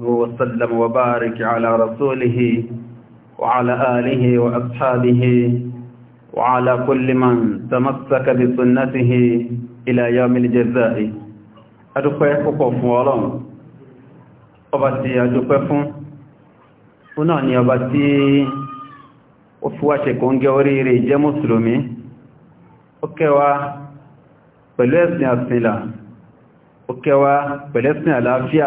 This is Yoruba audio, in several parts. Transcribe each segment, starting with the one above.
وسلم وبارك على رسوله وعلى آله وأصحابه وعلى كل من تمسك بسنته إلى يوم الجزاء adúpẹ́ púpọ̀ fún ọlọ́run ọba tí adúpẹ́ fún fún náà ni ọba tí ó fi wá ṣe kò ń gẹ oríire ìjẹ́ mùsùlùmí ó kẹwa pẹ̀lú ẹ̀sìn àsìnlà ó kẹwa pẹ̀lú ẹ̀sìn àlàáfíà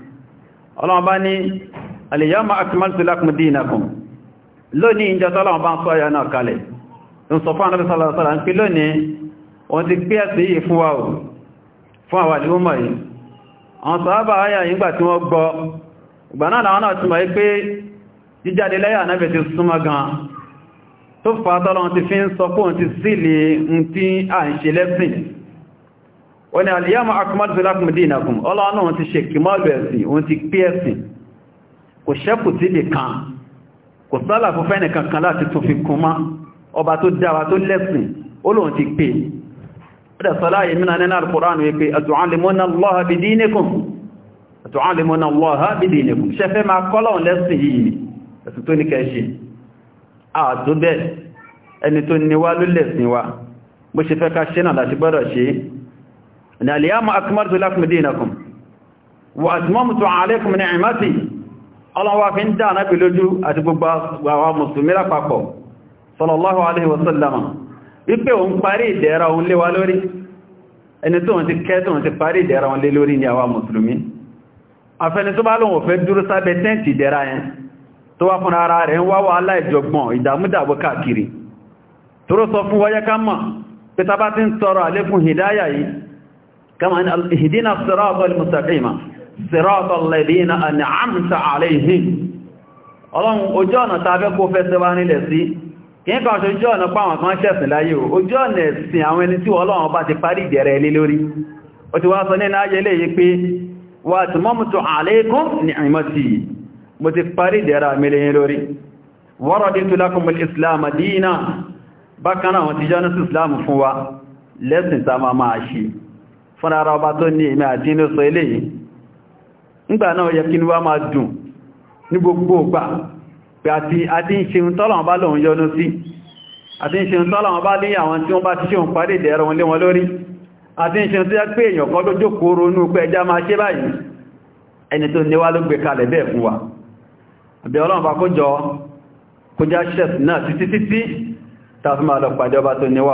ọlọ́run bá ní al-yawma akmaltu lakum dinakum lónìí ìjọ tọ́lọ́run bá ń sọ ayá náà kalẹ̀ ń sọ fún Ànábì sallallahu alaihi wasallam ń pè lónìí wọ́n ti pé ẹ̀sẹ̀ yìí fún wa ò fún àwọn àdíwọ́mọ̀ yìí àwọn sàábà ayà yìngbà tó fà ti fi ń sọ pé ti sílẹ̀ ń tí à ń ṣe lẹ́sìn wọ́n ni aliyama akumadu filakum dinakum ọlọ́nà wọn ti ṣe kìmọ́lù ẹ̀sìn wọn ti pí ẹ̀sìn kò ṣẹ́kù tí lè kan kò sálà fún fẹ́ni kankan láti tún fi kún má ọba tó dáwà tó lẹ́sìn olóhun ti pè ọdá ṣe fẹ́ ká ṣe náà láti gbọ́dọ̀ ṣe ان اليوم اكملت لكم دينكم واتممت عليكم نعمتي ọlọ́wọ́ fi ń dá náàbì lójú àti gbogbo àwọn mùsùlùmí lápapọ̀ sallallahu alaihi wasallama wípé òun parí ìdẹ̀ra òun léwa lórí ẹni tó wọ́n ti kẹ́ tó wọ́n ti parí ìdẹ̀ra òun lé lórí ní àwọn mùsùlùmí afẹni tó bá lóun òfẹ́ dúró sábẹ́ tẹ́ǹtì ìdẹ̀ra yẹn tó wá fún ara rẹ̀ ń wáwọ́ aláìjọgbọ̀n ìdàmúdàbọ̀ káàkiri tó rọ́ sọ fún wáyé ká mọ̀ pé ta bá ti ń sọ̀rọ̀ àlékún hìdáyà yìí كما أن اهدنا الصراط المستقيم صراط الذين أنعمت عليهم الله ojú ọ̀nà tàbí kó fẹ́ tẹ́wà nílẹ̀ sí, kí n kàn ṣe ojú ọ̀nà pàwọn kan ṣẹ̀sìn láyé o, ojú ọ̀nà ẹ̀sìn àwọn ẹni tí Ọlọ́run bá ti parí ìdẹ̀rẹ̀ ilé lórí. Ó ti wá sọ ní láyé lè yí pé, wà tí mọ́mùtù àlékún ní ìmọ̀tí, mo ti parí ìdẹ̀rẹ̀ fún ara ọba tó ní ìmẹ́ àdínú sọ ilé yìí nígbà náà yẹ kí ní wá máa dùn ní gbogbo ògbà pé àti àdínṣeun tọ́lọ̀wọ́n bá lòun yọnú sí àdínṣeun tọ́lọ̀wọ́n bá léyìn àwọn tí wọ́n bá ti ṣe òun parí ìdẹ̀ẹ̀rọ wọn lé wọn lórí àdínṣeun tó yẹ pé èèyàn àbí ọlọ́run bá kó jọ kó já ṣẹ́ẹ̀sì náà títí títí tàbí máa lọ pàdé ọba tó níwá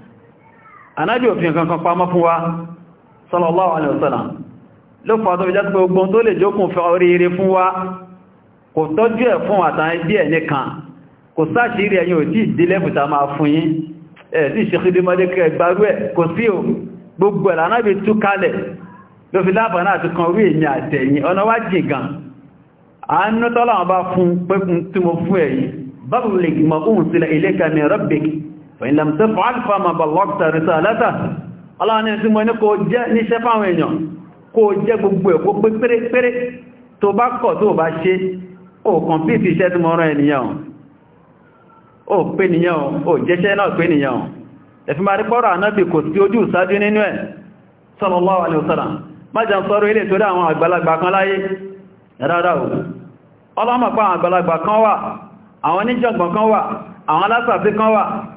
anábì òfin kankan pamọ́ fún wa sallallahu alaihi wasallam ló fà tó fìjá tó gbogbo tó lè jókùn fẹ́ oríire fún wa kò tọ́jú ẹ̀ fún àtàrin díẹ̀ nìkan kò sáàṣírí ẹ̀yìn ò tí ìdílẹ́bùta máa fún yín ẹ̀ tí ìṣẹ́kídímọ́dékẹ́ gbarú ẹ̀ kò sí ò gbogbo ẹ̀ lánàbì tú kalẹ̀ ló fi lábà náà ti kan orí èyàn àtẹ̀yìn ọ̀nà wá jì sílẹ̀ ilé kàmì rọ́bìkì فإن لم تفعل فما بلغت رسالته الله ni tí mo ní kó jẹ́ níṣẹ́ fáwọn èèyàn kó jẹ́ gbogbo ẹ̀ kó pé pérépéré tó bá kọ̀ tó bá ṣe ó kàn bí fi iṣẹ́ tí mo rán ènìyàn ó pé nìyàn ó jẹ́ṣẹ́ náà pé nìyàn ẹ̀fí ma rí pọ́rọ̀ ànábì kò sí ojú ìsájú nínú ẹ̀ sallallahu alaihi wasallam má jẹ́ àwọn oníjọ̀gbọ̀n kan wà àwọn alásàfí kan wà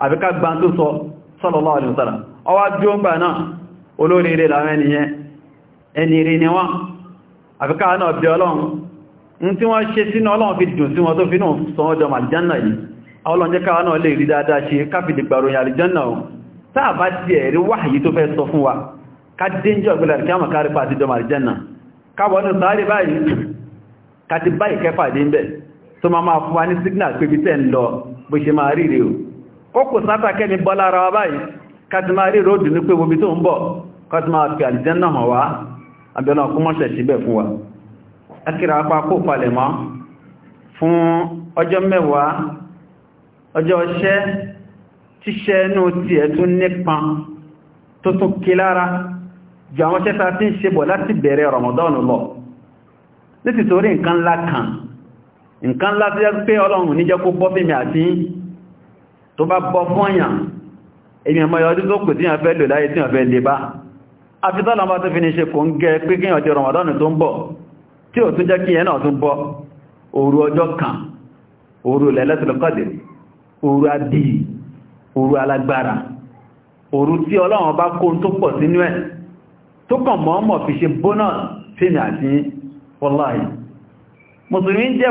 àbíká gbá tó sọ sallallahu alaihi wasallam ọwá bí ó ń gbà náà olóríire láwọn ènìyàn ẹnìrí ni wọ́n àbíká náà bí ọlọ́run ń tí wọ́n ṣe sínú ọlọ́run fi dùn sí wọn tó fi náà sọ ọjọ́ màlìjánà yìí ọlọ́run jẹ́ káwọn náà lè rí dáadáa ṣe káfìdì gbàròyìn àlìjánà ohun táà bá ti ẹ̀rí wáyìí tó fẹ́ báyìí kẹfà dé tó máa máa fún wa ní sígnà pé bí tẹ́ ń lọ bó ṣe máa rí rèé kókò sátàkẹ́ ni bọ́lá ara wa báyìí kàtìmá rí ròdù ní pé bobi tó ń bọ̀ kàtìmá fi àlìjẹ́nà hàn wá àbẹ̀lá ọkúnmọ́ṣẹ̀ síbẹ̀ fún wa akíra apá kó palẹ̀mọ́ fún ọjọ́ mẹ́wàá ọjọ́ ọṣẹ́ tíṣẹ́ inú ti ẹ̀tún nípan tó tún kí lára jù àwọn ṣẹ́ta tí ń ṣe bọ̀ láti bẹ̀rẹ̀ Ramadan lọ nítorí nǹkan ńlá kan nǹkan ńlá tó yẹ pé Ọlọ́run níjẹ́ kó bọ́ bí àti tó bá bọ́ fọ́nyàn èyàn mọ́ ọdún tó kù tí yàn fẹ́ lò láyé tí yàn fẹ́ lè bá àfi tọ́lọ bá tó fi ní ṣe kò ń gẹ pé kí yàn ti Ramadan tó ń bọ̀ tí ò tún jẹ́ kí yẹn náà tún bọ́ òru ọjọ́ kan òru Lailatul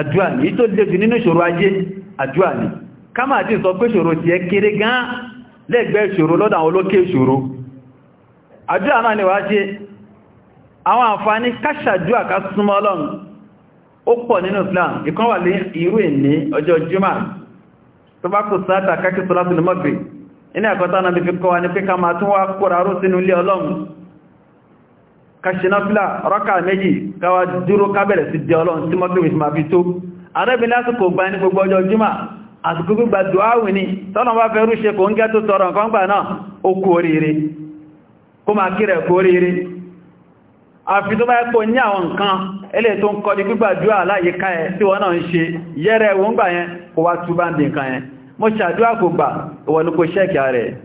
àdúrà ní tó lẹ́jù nínú ìṣòro ayé àdúrà ní ká máa tí sọ pé ìṣòro ti ẹ kéré gan lẹ́gbẹ́ ìṣòro lọ́dọ̀ àwọn olókè ìṣòro àdúrà náà ni wá ṣe àwọn àǹfààní káṣàdúrà ká súnmọ́ Ọlọ́run ó pọ̀ nínú Islam ìkan wà ní irú ìní ọjọ́ jùmọ̀ tó bá kò kàṣínáfílà rọ́kà méjì káwà dúró kábẹ̀rẹ̀ sí jẹ́ ọlọ́run tí mọ́gbé ìsìnmà fi tó arẹ́bìn lásìkò gba ní gbogbo ọjọ́ jùmá àsìkò gbogbo dùáwì ní tọ́nà bá fẹ́ rúṣe kò ń gẹ́ tó tọrọ nǹkan gbà náà ó kú oríire kó máa kírẹ̀ kú oríire àfi tó bá ẹ́pọ̀ ní àwọn nǹkan ẹlẹ́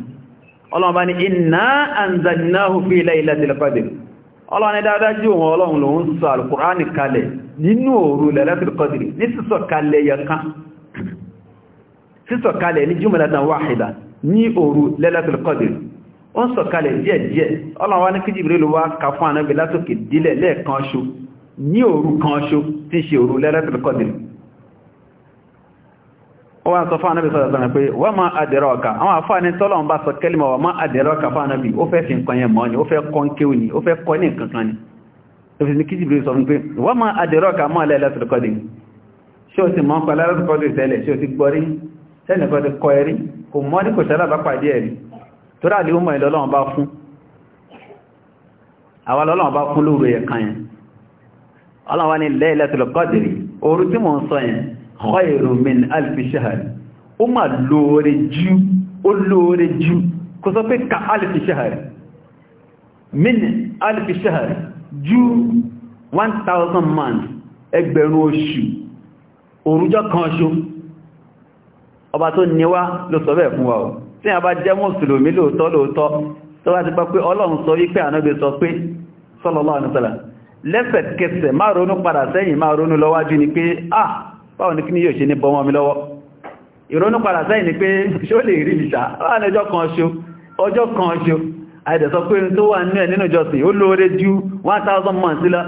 ọlọ́run bá ní inna anzalnahu fi laylatil qadr ọlọ́run ní dáadájú wọn ọlọ́run ló ń sọ alkùránì kalẹ̀ nínú òru laylatil qadr ní sísọ kalẹ̀ yankan sísọ kalẹ̀ ní jumlatan wahida ní òru laylatil qadr ó ń sọ kalẹ̀ díẹ̀díẹ̀ ọlọ́run wá ní kí Jibril wá ka fún ànábì látòkè dílẹ̀ lẹ́ẹ̀kan ṣo ní òru kan ṣo tí ṣe òru laylatil wọ́n sọ fáwọn àbísọ̀ ìsọ̀rọ̀ pé wọ́n máa àdẹ̀rọ̀ ọ̀ka àwọn àfáàní tọ́lọ̀n bá sọ kẹ́lìmọ̀ wọ́n máa àdẹ̀rọ̀ ọ̀ka fáwọn àbí ó fẹ́ fi nǹkan yẹn mọ́ ni ó fẹ́ kọ́ kéwù ni ó fẹ́ kọ́ ní nǹkan kan ni òfin ní kìtìbí sọ pé wọ́n máa àdẹ̀rọ̀ ọ̀ka máa lẹ́ lẹ́sọ̀rọ̀kọ́dì ṣé o ti mọ́ pa lẹ́sọ̀rọ̀kọ́dì tẹ́lẹ̀ ṣé o ti gbọ́ khairu min alfi shahari ó mà lóore jù ó lóore jù kò sọ pé ka alfi shahari min alfi shahari 1000 months ẹgbẹ̀rún oṣù òrújọ́ kan ṣo ọba tó níwá ló sọ bẹ́ẹ̀ fún wa o tí a bá jẹ́ mùsùlùmí lóòótọ́ lóòótọ́ tó bá ti gbọ́ pé ọlọ́run sọ wípé ànábì sọ pé sallallahu alaihi wasallam lẹ́sẹ̀kẹsẹ̀ máa ronú padà sẹ́yìn máa ronú lọ́wájú ni pé ah báwọn ní kí ní yóò ṣe ní bọ́mọ́ mi lọ́wọ́ ìrònú padà sẹ́yìn ni pé ṣó lè rí ìṣà láàrin ọjọ́ kan ṣo ọjọ́ kan ṣo àìdẹ̀sọ pé n tó wà nínú ẹ̀ nínú ìjọsìn ó lóore ju 1000 months lọ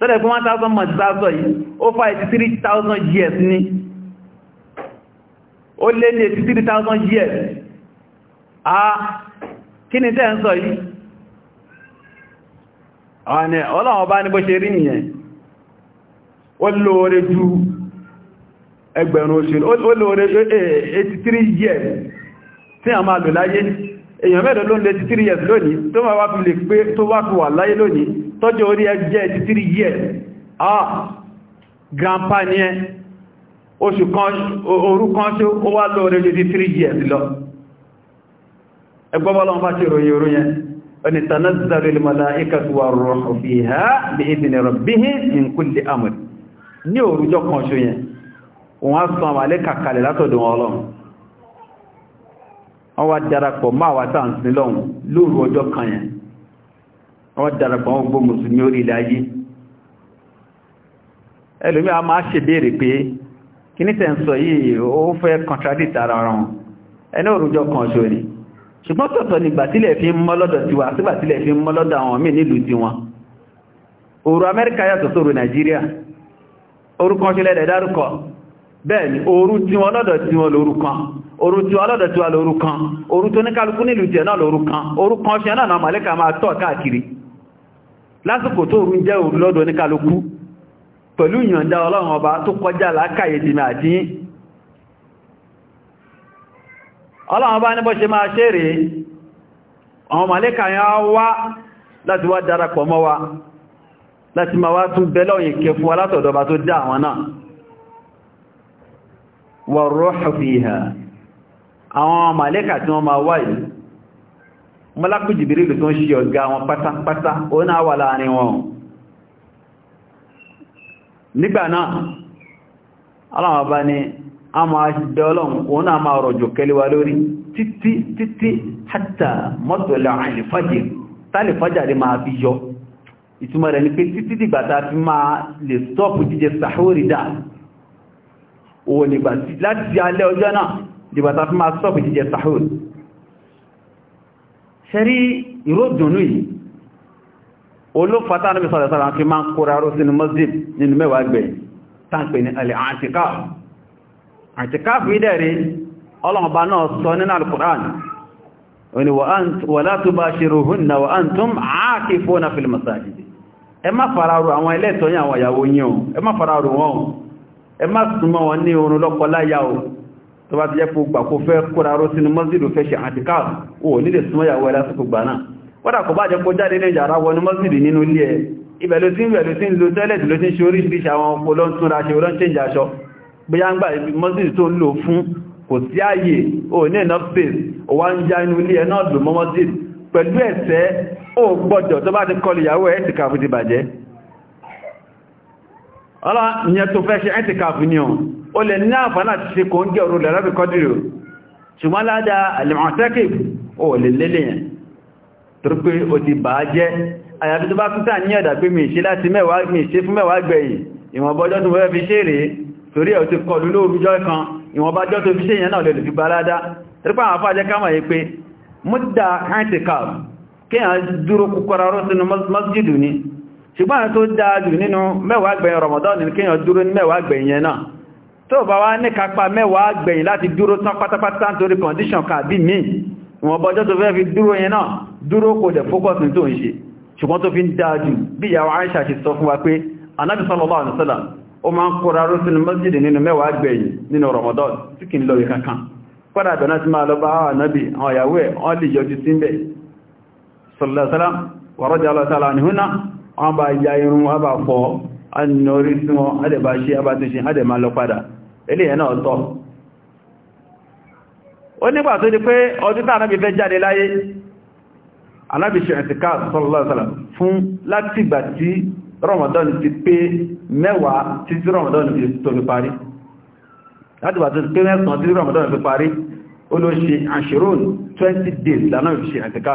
sọ́dẹ̀ pé 1000 months sáàsọ yìí ó fà 83,000 years ní ó lé ní 83,000 years ah kí ni tẹ́ ń sọ yìí ọ̀nà ọlọ́run ní bó ṣe rí nìyẹn ó lóore ju ẹgbẹ̀rún oṣù ó lóore eh, 83 years tí a máa lò láyé èèyàn mẹ́rin ló ń lè 83 years lónìí tó máa wá fi lè pé tó wá fi wà láyé lónìí tọ́jọ́ orí ẹ jẹ́ 83 years ah grandpa ni ẹ oṣù kan òru kan ṣe ó wá lóore 83 years lọ ẹgbọ́bọ́lọ́wọ́n bá ti ròyìn orú yẹn ọni tanazzalu al-mala'ikatu war-ruhu fiha bi idhni rabbihim min kulli amr ní òrùjọ́ kan ṣo yẹn òun á san àwọn alẹ́ kàkàlẹ̀ látọ̀dọ̀ ọlọ́run wọ́n wá darapọ̀ máa wá lóòrù ọjọ́ kan yẹn wọ́n darapọ̀ wọn gbó mùsùlùmí orí ilẹ̀ ayé a máa ṣèbéèrè pé kí ní tẹ̀sọ̀ yìí ó fẹ́ contradict ara wọn ẹni òrùjọ kan ṣò ni ṣùgbọ́n tọ̀tọ̀ fi ń mọ́ lọ́dọ̀ tiwa fi ń mọ́ lọ́dọ̀ àwọn míì nílùú tiwọn òru Amẹ́ríkà yàtọ̀ sóru Nàìjíríà orúkọ ṣẹlẹ̀ bẹ́ẹ̀ni oru tí wọn lọ́dọ̀ tí wọn lóru kan oru tí wọn lọ́dọ̀ tí wọn lóru kan oru tó ní kálukú nílùú jẹ náà lóru kan oru kan ṣe náà màlẹ́kà máa tọ̀ káàkiri lásìkò tó òru jẹ́ oru lọ́dọ̀ ní kálukú pẹ̀lú ìyànjá ọlọ́run ọba tó kọjá wà rọ́ọ̀hù fiha àwọn màlẹ́kà tí wọ́n máa wà yìí mọ́lákù jìbìrìlù tó ń ṣe ọ̀gá wọn pátápátá ó náà wà láàrin wọn nígbà náà aláwọ̀ bá ní a máa ṣìdẹ́ ọlọ́run òun náà máa rọ̀jò owó nígbà láti di alẹ́ ọjọ́ náà dìbàtà fún máa sọ́pù jíjẹ sahun ṣẹ́rí ìró dùnú yìí olófàtà náà sọ̀rọ̀ sọ̀rọ̀ fi máa kóra ró sínú mọ́sílì nínú mẹ́wàá gbẹ̀ tánpẹ̀ ní alẹ́ àtìkáàfù ẹ má fararu àwọn ilé ìtọ́yìn àwọn ìyàwó yín ẹ má fararu wọn ẹ má súnmọ́ wọn ní oorun lọ́kọ láyá o tó bá ti jẹ́ kó gbà kó fẹ́ kóra ró sínú mọ́sílù fẹ́ ṣe àtìká ò nílè súnmọ́ ìyàwó ẹ lásìkò gbà náà wọ́dà kò bá jẹ́ kó jáde lẹ́jà ara wọnú mọ́sílù nínú ilé ẹ ibẹ̀ ló ti ń bẹ̀ ló ti ń lo tẹ́lẹ̀tì ló ti ń ṣe oríṣiríṣi àwọn ọkọ̀ ló ń túnra pẹ̀lú ẹ̀sẹ̀ ó gbọ́dọ̀ tó bá ti kọlu ìyàwó ẹ̀ ti bàjẹ́ ọlá ìyẹn tó fẹ́ ṣe ẹ́ntìkàfù ní ọ̀n o lè ní àfánà ti ṣe kò ń gẹ̀ orúlẹ̀ rẹ́bì kọdìrò ṣùgbọ́n ládá alìmọ̀tẹ́kì o lè lélẹ̀ yẹn tó pé o ti bà á jẹ́ àyàfi tó bá kúta ní ẹ̀dà pé mi ṣe láti mẹ́wàá mi ṣe fún mẹ́wàá gbẹ̀yìn ìwọ̀nbọ́jọ́ tó fẹ́ fi ṣe ṣùgbọ́n tó dáadù nínú mẹ́wàá gbẹ̀yìn Ramadan ní kíyàn dúró ní mẹ́wàá gbẹ̀yìn yẹn náà tó bá wá ní kápá mẹ́wàá gbẹ̀yìn láti dúró tán pátápátá torí condition kàbí mi wọn bọ́jọ́ tó fẹ́ fi dúró yẹn náà dúró kò dẹ̀ focus ní tó ń ṣe ṣùgbọ́n tó fi ń dáadù bí ìyàwó Aisha ṣe sọ wa pé Ramadan tí kì í lọ kankan kọ́dà bẹ̀rẹ̀ ti máa lọ bá Ànábì sallallahu alaihi wasallam wa radiyallahu ta'ala anhunna wọ́n bá ya irun wọ́n bá fọ́ anìyànrí sí wọn adẹ̀bá ṣe abátúnṣe adẹ̀má lọ padà eléyẹn náà tọ́ ó nígbà tó di pé ọdún tàà náàbì fẹ́ jáde láyé alábìṣẹ́ ẹ̀sìká sọ́lọ́sọ́lọ́ fún láti ìgbà tí Ramadan ti pé mẹ́wàá tí Ramadan tó fi parí láti ìgbà tó ti pé mẹ́sàn tí Ramadan fi parí ó ló ṣe àṣírò 20 days lánàbìṣẹ́ ẹ̀sìká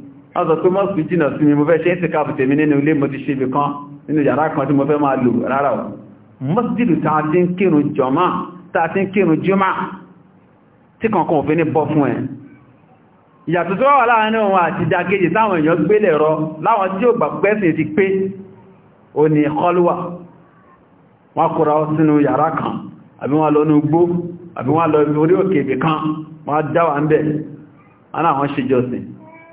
ọzọ tó mọ́ sí jìnà sí mi mo fẹ́ ṣe ń tìkàpù tèmi nínú ilé mo ti ṣe ibi kan nínú yàrá kan tí mo fẹ́ máa lò rárá o mọ́sídìdù ta ti ń kírun jọmọ́ ta ti ń kírun jímá tí kankan òfin ní bọ́ fún ẹ ìyàtọ̀ tó wà láàrin òun àti ìdàkejì táwọn èèyàn gbélẹ̀ rọ láwọn tí ó gbàgbẹ́sìn ti pé ó ní kọlùwà wọ́n kóra ọ sínú yàrá kan àbí wọ́n lọ ní ugbó àbí wọ́n lọ orí òkè ibì kan wọ́n dáwà ń bẹ̀ wọ́n náà wọ́n ṣe jọsìn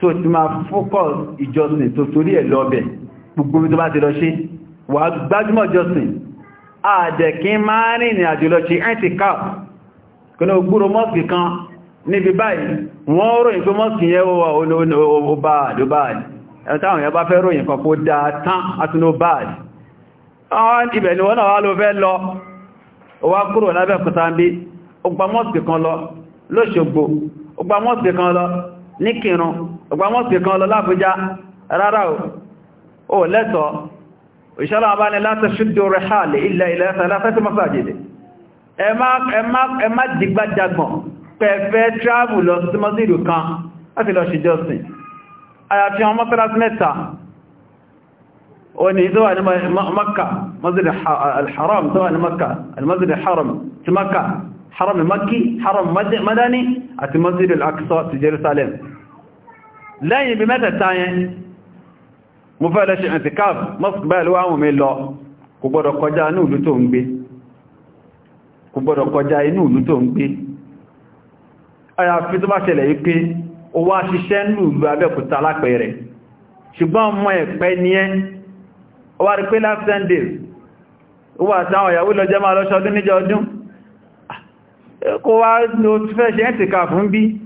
tó ti máa fókọ̀ ìjọsìn tó torí ẹ̀ lọ́bẹ̀ gbogbo tó bá ti lọ ṣe wà gbájúmọ̀ ìjọsìn àdẹ̀kí máa rìn ní àjò lọ ṣe antikap kọ́nà gbúrò mọ́sì kan níbi báyìí wọ́n ròyìn pé mọ́sì yẹn wà olóòbáàdì ẹ̀tàwọn yẹn bá fẹ́ ròyìn kan kó dáa tán àtúnóbáàdì àwọn ibẹ̀ ni wọ́n náà wá ló fẹ́ lọ wá kúrò lábẹ́kúta ń bí ó gba mọ́sì kan lọ lóṣogbo ó gba mọ́sì kan lọ ní kírun ọgbà mọ́sí kan lọ lábújá rárá o lẹ́tọ̀ ìṣọ́lá bá ní láti ṣídò rẹ̀ hàlì ilẹ̀ ilẹ̀ ẹ̀sẹ̀láfẹ́sí mọ́sàjìdì ẹ má dìgbàjagbọ̀n pẹ̀fẹ́ tíráàbù lọ sí mọ́sílù kan láti lọ ṣe jọ́sìn àyàfi àwọn mọ́sálásí mẹ́ta wani tó wà ní makka masjid al-haram tó wà ní makka al-masjid al-haram ti makka haram maki haram madani àti masjid al-aqsa ti jerusalem lẹ́yìn ibi mẹ́tẹ̀ta yẹn mo fẹ́ lẹ́ṣe ẹ̀tìkáàf mọ́sùn bẹ́ẹ̀ ló wáhùn mi lọ kò gbọ́dọ̀ kọjá inú ìlú tó ń gbé kò gbọ́dọ̀ kọjá inú ìlú tó ń gbé àyàfi tó bá ṣẹlẹ̀ yìí pé ó wá ṣiṣẹ́ inú ìlú Abẹ́òkúta lápẹẹrẹ ṣùgbọ́n mọ ẹ̀pẹ́ ni ẹ́ ó wá rí pé last ten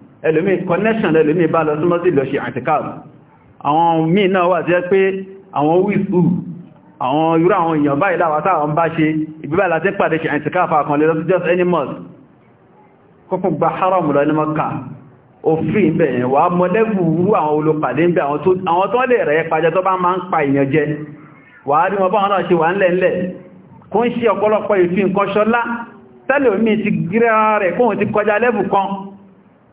ẹlòmí connection lẹ́lòmí bá lọ súnmọ́ sí lọ ṣe àtìkáàbù àwọn míì náà wà tí ẹ pé àwọn wíìsù àwọn irú àwọn èèyàn báyìí láwátá àwọn bá ṣe ìbíbà láti pàdé ṣe àtìkáàbù àkànlẹ̀ lọ sí just any month kọ́kùn gba haram lọ ní mọ́kà òfin bẹ̀yẹn wà mọ́lẹ́gbùrú àwọn olùpàdé ń bẹ àwọn tó lè rẹ̀ pàjẹ tó bá máa ń pa èèyàn jẹ wà á rí wọn báwọn náà ṣe wà ń lẹ́ńlẹ̀ kó ń ṣe ọ̀pọ̀lọpọ̀ ìfin kan ṣọlá tẹ́lẹ̀ omi ti gíra rẹ̀ kóhun ti kọjá lẹ́bù kan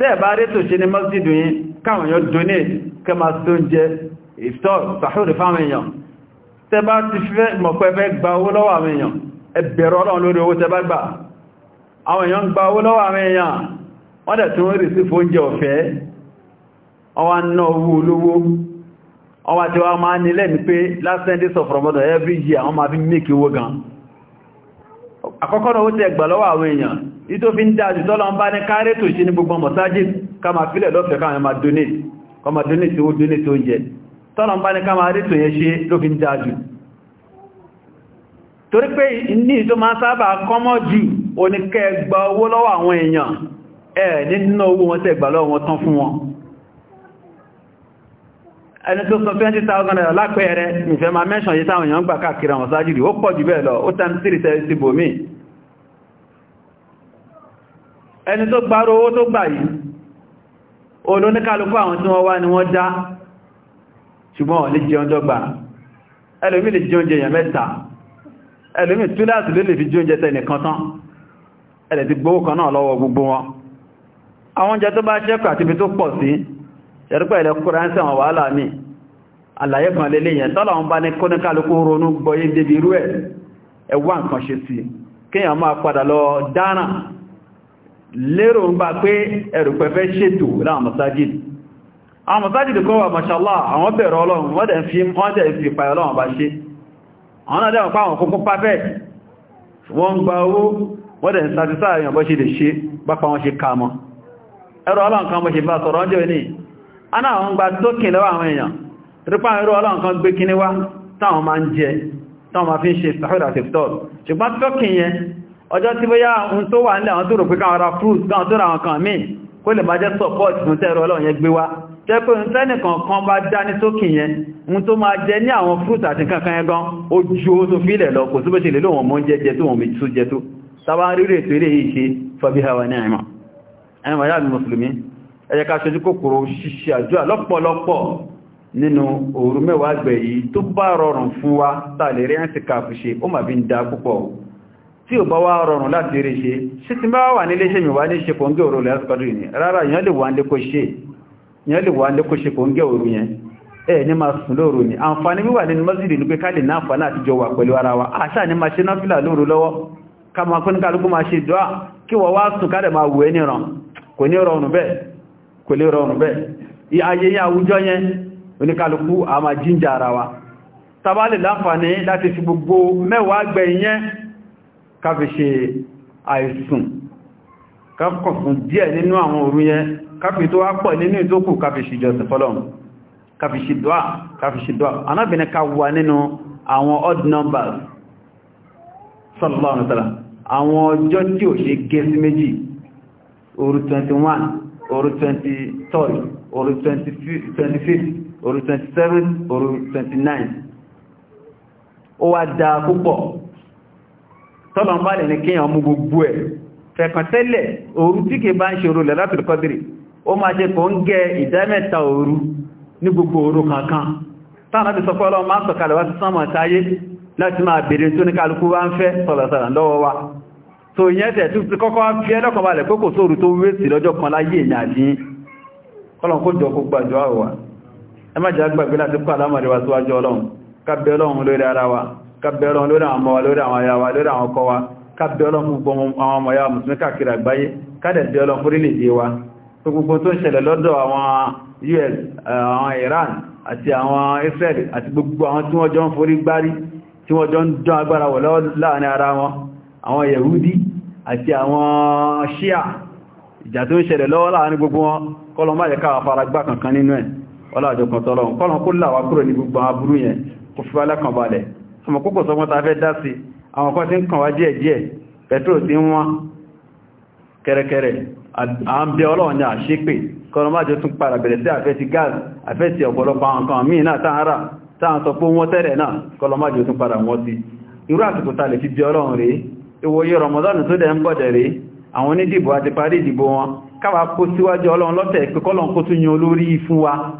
tẹ́ẹ̀bá rétò ṣe ní mọ́sídù yìí káwọn èèyàn donate kẹma tó ń jẹ ìfẹ́ sàhúrì fáwọn èèyàn tẹ́ẹ̀bá ti fẹ́ mọ̀pẹ́ fẹ́ gba owó lọ́wọ́ àwọn èèyàn ẹbẹ̀rọ ọlọ́run lórí owó tẹ́ẹ̀bá gbà àwọn èèyàn gba ọwá tí wá máa nílẹ̀ ní pé last sunday of Ramadan every year wọ́n máa fi make owó gan àkọ́kọ́ náà ó tẹ́ gbà lọ́wọ́ àwọn èèyàn ìtò fi ń dájú tọ́lọ ń bá ní káàrẹ́ tó ṣe ní gbogbo mọ̀sájí ká máa fílẹ̀ lọ́fẹ̀ẹ́ káàrẹ́ máa donate kọmọ donate owó donate oúnjẹ tọ́lọ ń bá ní káàrẹ́ àrítò yẹn ṣe ló fi ń dájú torí pé ní ìtò máa sábà kọ́mọ́ jù oníkẹ́ gba owó lọ́wọ́ àwọn èèyàn ẹ̀ nínú owó wọn tẹ́ gbà lọ́wọ́ ẹni tó gbárò owó tó gbà yìí olóníkàlùkù àwọn tí wọ́n wá ni wọ́n dá ṣùgbọ́n wọ́n lè jẹun dọ́gba ẹlòmí lè jẹun jẹyàn mẹ́ta ẹlòmí túláàtì ló lè fi jẹun jẹta ẹnìkan tán ẹlẹ̀ ti gbówó kan náà lọ́wọ́ gbogbo wọn àwọn oúnjẹ tó bá ṣẹ́kù àti ibi tó pọ̀ sí ṣẹ̀rúpẹ̀ ilẹ̀ kúrò ń sẹ̀wọ̀n wàhálà mi àlàyé máa padà lọ dáràn lérò ń bá pé ẹ̀rùpẹ̀ fẹ́ ṣètò láwọn masajid àwọn masajid kọ́ wà mashallah àwọn bẹ̀rẹ̀ ọlọ́run wọ́n dẹ̀ fi wọ́n dẹ̀ fi pàyẹ ọlọ́run bá ṣe àwọn náà dẹ̀wọ̀n pàwọn kúnkún perfect wọ́n gba owó wọ́n dẹ̀ satisá èèyàn bọ́ ṣe lè ṣe bápa wọn ṣe kàmọ́ ẹrọ ọlọ́run kan bọ́ ṣe bá sọ̀rọ̀ ọjọ́ ní aná àwọn ọjọ́ tí bóyá ohun tó wà nílẹ̀ àwọn tó rò pé káwọn fruits káwọn tó ra àwọn kan míì kó lè bá jẹ́ support fún tẹ́rọ ọlọ́run yẹn gbé wá jẹ́ pé ohun tẹ́nìkan kan bá dá ní sókè yẹn ohun tó máa jẹ ní àwọn fruits àti kankan yẹn gan ó ju ó tó fílẹ̀ lọ kò tó bẹ́ ṣe lè lóhun mọ́ jẹ́jẹ́ tó wọ́n mi tó jẹ tó sábà rírò ètò ilé yìí ṣe fọbíhà nínú òru mẹ́wàá àgbẹ̀ yìí tó bá rọrùn fún wa tàlẹ̀ rí ẹ́ńtì kàfù ṣe ó mà bí ń da púpọ̀ tí ò bá wá rọrùn láti rí ṣe ṣe tí bá wà nílé ṣe mi wá ní ṣe kò ń gẹ́ òru lẹ́ ní rárá ìyàn lè wà ń lé ṣe kò ń gẹ́ òru yẹn ẹ̀ ní máa sùn lóru ni àǹfààní wíwà nínú mọ́sílì ní pé ká lè náà fàánà àtijọ́ wà pẹ̀lú ara wa àṣà ní máa ṣe náà fìlà lóru lọ́wọ́ ká máa kún kálùkú máa ṣe dọ́à kí wọ́n wá sùn kálẹ̀ máa wù ẹ́ ní ràn kò ní rọrùn wa tabálẹ̀ ká fi ṣe àìsùn kápọ̀ fún díẹ̀ nínú àwọn òru yẹn káfi tó wá pọ̀ nínú ìtókù káfi ṣe jọsìn fọ́lọ́run káfi ṣe dọ́à káfi ṣe dọ́à anábìnrin ká wà nínú àwọn odd numbers sallallahu alaihi wasallam àwọn ọjọ́ tí ò ṣe gé sí méjì òru 21 òru 23 òru 25 òru 27 òru 29 ó wá dáa púpọ̀ tọ́lọ̀ ń bá lè ní kíyàn mú gbogbo ẹ̀ fẹ̀kàntẹ́lẹ̀ òru tí kìí bá ń ṣòro lẹ̀ láti kọ́dìrì ó máa ṣe kò ń gẹ ìdámẹ́ta òru ní gbogbo òru kankan táwọn ti sọ pé ọlọ́run láti máa wa tó ìyẹn tẹ̀ tún ti kọ́kọ́ fi ẹlọ́kàn balẹ̀ pé kò sóòrù tó wéèsì lọ́jọ́ kan láyé èyàn àti kọ́lọ̀n kó jọ kó gbàjọ́ àwọ̀ ọlọ́run ká bẹ ọlọ́run lórí ara wa kábẹ̀rọ lórí àwọn ọmọ wa lórí àwọn ayawa lórí àwọn ọkọ wa kábẹ̀rọ mú gbọmọ àwọn ọmọ ya mùsùlùmí káàkiri àgbáyé kádẹ̀bẹ̀ ọlọ fórílẹ̀-èdè wa Iran àti àwọn Israel àti gbogbo àwọn tí wọ́n jọ ń forí gbárí tí Yehudi àti àwọn Shia ìjà tó ń ṣẹlẹ̀ lọ́wọ́ láàrin gbogbo wọn kọlọ máa jẹ́ káwà fara gbá kankan nínú ẹ̀ kó láwà kúrò ní gbogbo aburú yẹn kó fi wá lẹ́kàn ọmọkúkò sọmọ́ ta fẹ́ dá sí àwọn kan tí ń kàn wá díẹ̀ díẹ̀ pẹ̀trò tí ń wọ́n kẹrẹkẹrẹ àwọn bí ọlọ́run ní àṣípè kọlọmájẹ́ tún padà bẹ̀rẹ̀ sí àfẹ́ ti gáàsì àfẹ́ ti ọ̀pọ̀lọpọ̀ àwọn kan míì náà tààrà tàà sọ pé wọ́n tẹ́rẹ̀ náà kọlọmájẹ́ tún padà wọ́n sí irú àsìkò ta lè fi bí ọlọ́run rèé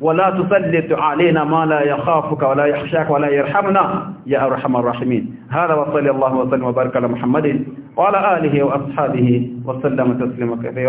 ولا تسلط علينا ما لا يخافك ولا يخشاك ولا يرحمنا يا أرحم الراحمين هذا وصلى الله وسلم وبارك على محمد وعلى آله وأصحابه وسلم تسليما كثيرا